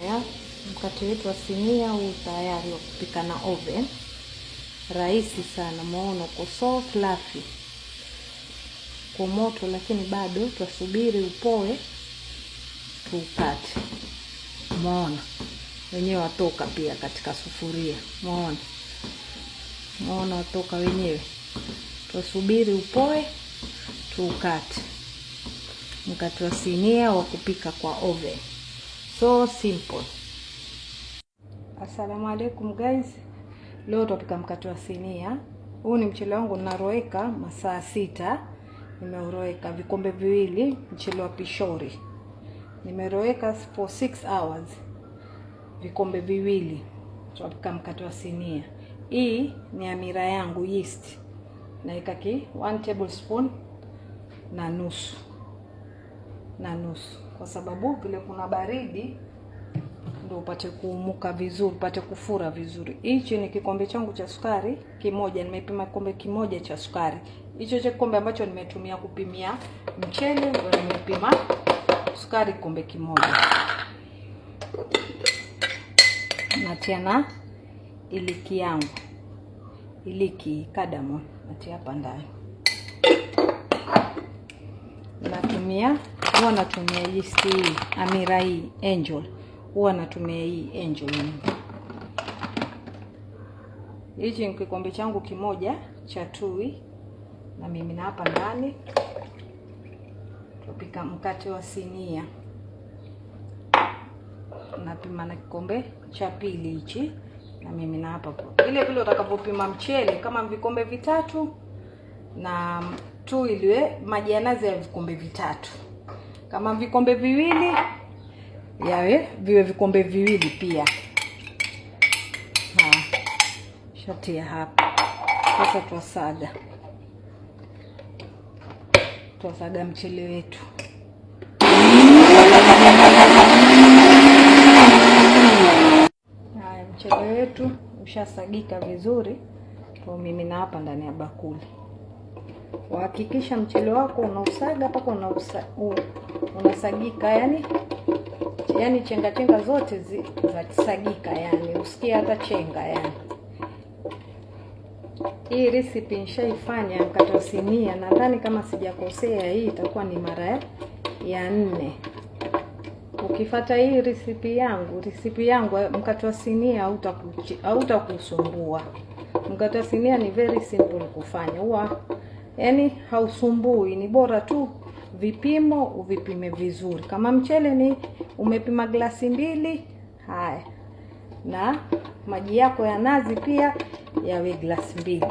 Haya, Mkate wetu wa sinia huu tayari wa kupika na oven, rahisi sana. Mwaona uko so fluffy kwa moto, lakini bado twasubiri upoe tuupate. Mwaona wenyewe watoka pia katika sufuria, mwaona mwaona watoka wenyewe, twasubiri upoe tuukate. Mkate wa sinia wa kupika kwa oven so simple. Asalamu alaikum guys, leo tutapika mkate wa sinia. Huu ni mchele wangu naroweka masaa sita, nimeuroweka vikombe viwili, mchele wa pishori nimeroweka for 6 hours, vikombe viwili. Tutapika mkate wa sinia. Hii ni amira yangu yeast, naika ki 1 tablespoon na nusu na nusu kwa sababu vile kuna baridi ndio upate kuumuka vizuri, upate kufura vizuri. Hichi ni kikombe changu cha sukari kimoja, nimepima kikombe kimoja cha sukari. Hicho cha kikombe ambacho nimetumia kupimia mchele ndio nimepima sukari kikombe kimoja. Natia na iliki yangu, iliki cardamom natia hapa ndani, natumia huwa natumia yeast hii amira hii angel, huwa natumia hii angel. Hichi ni kikombe changu kimoja cha tui na mimi na hapa ndani tupika mkate wa sinia, napima na kikombe cha pili hichi na mimi na hapa vile vile. Utakapopima mchele kama vikombe vitatu na tui liwe maji ya nazi ya vikombe vitatu kama vikombe viwili yawe viwe vikombe viwili pia. Ha, shatia hapa sasa, twasaga twasaga mchele wetu haya. Mchele wetu ushasagika vizuri, na hapa ndani ya bakuli uhakikisha mchele wako unausaga mpaka unausa, unasagika yani, yani chenga chenga zote zi, zasagika yani, usikie hata chenga yani. Hii recipe nishaifanya mkate wa sinia, nadhani kama sijakosea, hii itakuwa ni mara ya nne. Ukifata hii recipe yangu, recipe yangu mkate wa sinia hautakusumbua. Mkate wa sinia ni very simple kufanya, huwa yani hausumbui, ni bora tu vipimo uvipime vizuri. Kama mchele ni umepima glasi mbili, haya na maji yako ya nazi pia yawe glasi mbili.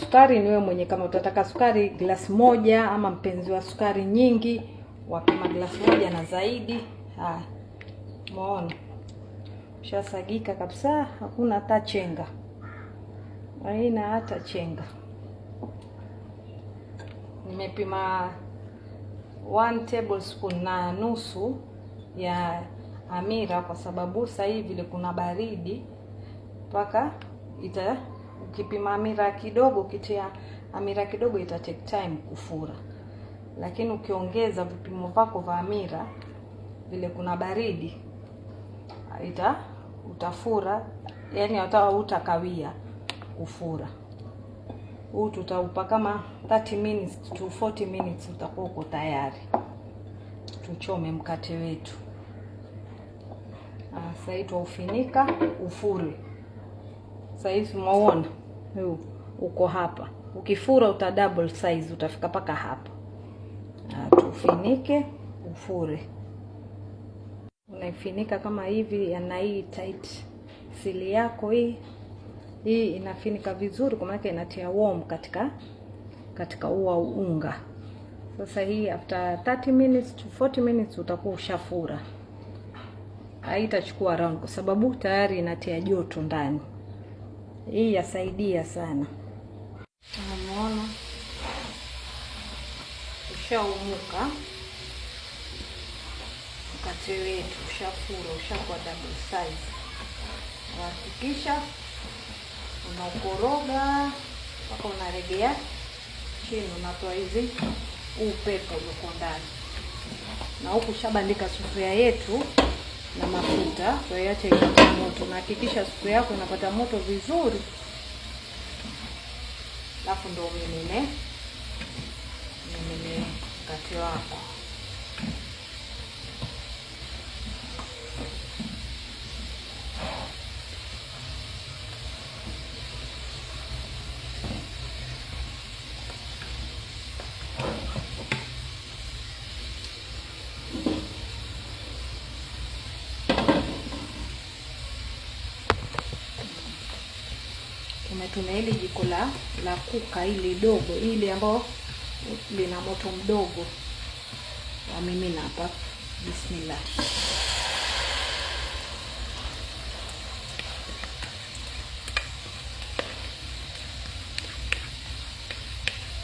Sukari ni wewe mwenye, kama utataka sukari glasi moja ama mpenzi wa sukari nyingi, wapima glasi moja na zaidi. Haya, umeona ushasagika kabisa, hakuna hata chenga, haina hata chenga nimepima 1 tablespoon na nusu ya amira, kwa sababu sasa hivi vile kuna baridi mpaka ita ukipima amira kidogo, ukitia amira kidogo ita take time kufura, lakini ukiongeza vipimo vyako vya amira vile kuna baridi ita utafura, yani hata utakawia kufura huu tutaupa kama 30 minutes to 40 minutes, utakuwa uko tayari. Tuchome mkate wetu. Ah, Sasa hii twaufinika ufure. Sasa hivi mauona huu uko hapa, ukifura uta double size, utafika paka hapa. Ah, Tufinike ufure, unaifinika kama hivi, yana hii tight sili yako hii hii inafinika vizuri, kwa maana inatia warm katika katika uwa unga. Sasa hii after 30 minutes to 40 minutes utakuwa ushafura, haitachukua round kwa sababu tayari inatia joto ndani. Hii yasaidia sana, umeona ushaumuka mkate wetu, ushafura, ushakuwa double size. Hakikisha unaukoroga mpaka unaregea chini, unatoa hizi upepo ulioko ndani, na huku shabandika sufuria yetu na mafuta, twaiacha ipata moto. Nahakikisha sufuria yako inapata moto vizuri, alafu ndo umimine mimine mkate wako. tuna ile jiko la la kuka ile dogo ile ambayo lina moto mdogo. na hapa, bismillah.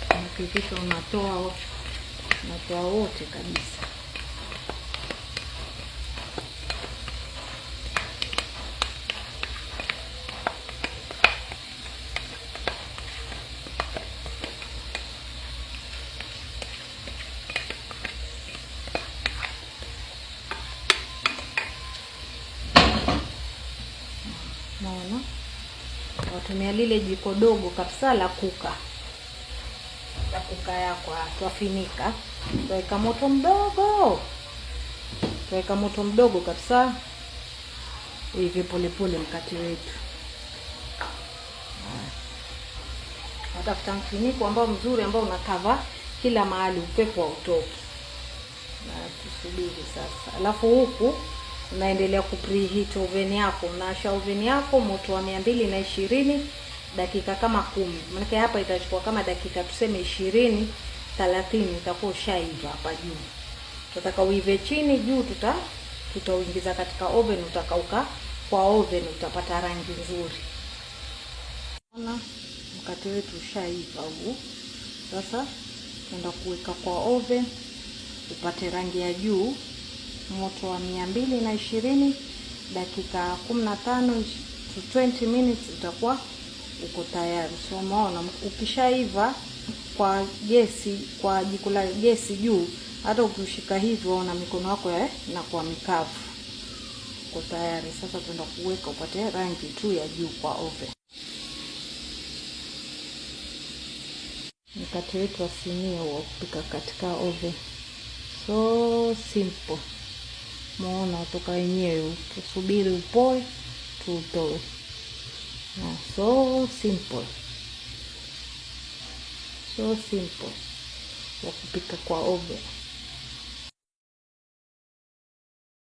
Hakikisha unatoa unatoa wote kabisa. Naona watumia lile jiko dogo kabisa la kuka la kuka yako, ah, twafinika, tuweka moto mdogo, tuweka moto mdogo kabisa hivi, polepole mkate wetu. Watafuta mfiniko ambao mzuri ambao unakava kila mahali, upepo hautoki. Na tusubiri sasa, alafu huku unaendelea preheat oven yako, unawasha oven yako moto wa mia mbili na ishirini dakika kama kumi. Maana hapa itachukua kama dakika tuseme ishirini thelathini, itakuwa ushaiva hapa juu. Tutataka uive chini, juu tuta tutauingiza katika oven, utakauka kwa oven, utapata rangi nzuri. Ona mkate wetu ushaiva huu, sasa tunaenda kuweka kwa oven upate rangi ya juu moto wa mia mbili na ishirini dakika 15 to 20 minutes utakuwa uko tayari. So umeona, ukishaiva kwa gesi, kwa jiko la gesi juu, hata ukiushika hivyo waona mikono yako eh, na kwa mikavu, uko tayari. Sasa tuenda kuweka upate rangi tu ya juu kwa oven. Mkate wetu wa sinia wa kupika katika oven, so simple. Umeona, utoka wenyewe, tusubiri upoe tutoe Na so simple, so simple ya kupika kwa oven.